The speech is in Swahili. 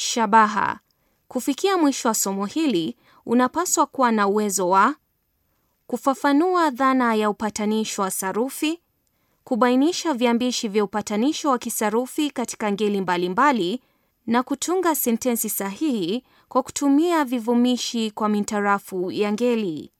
Shabaha: kufikia mwisho wa somo hili, unapaswa kuwa na uwezo wa kufafanua dhana ya upatanisho wa sarufi, kubainisha viambishi vya upatanisho wa kisarufi katika ngeli mbalimbali, na kutunga sentensi sahihi kwa kutumia vivumishi kwa mintarafu ya ngeli.